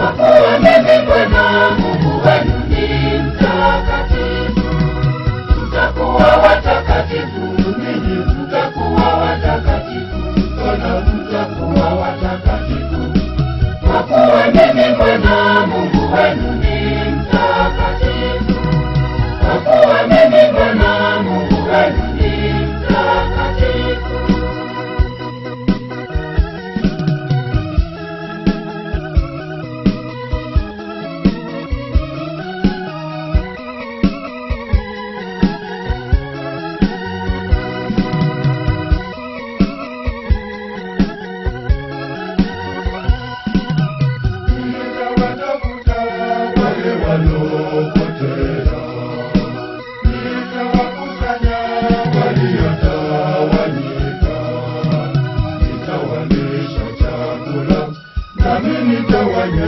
kwa kuwa mimi Bwana Mungu watakatifu, ninyi watakatifu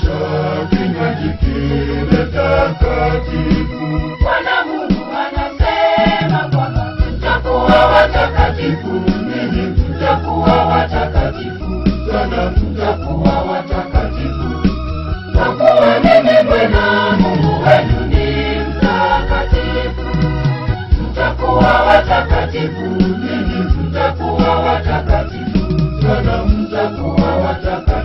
kuonyesha kinywaji kile takatifu. Bwana Mungu anasema kwamba mtakuwa watakatifu, ninyi mtakuwa watakatifu sana, mtakuwa watakatifu kwa kuwa mimi Bwana Mungu wenu ni mtakatifu. Mtakuwa watakatifu, ninyi mtakuwa watakatifu sana, mtakuwa watakatifu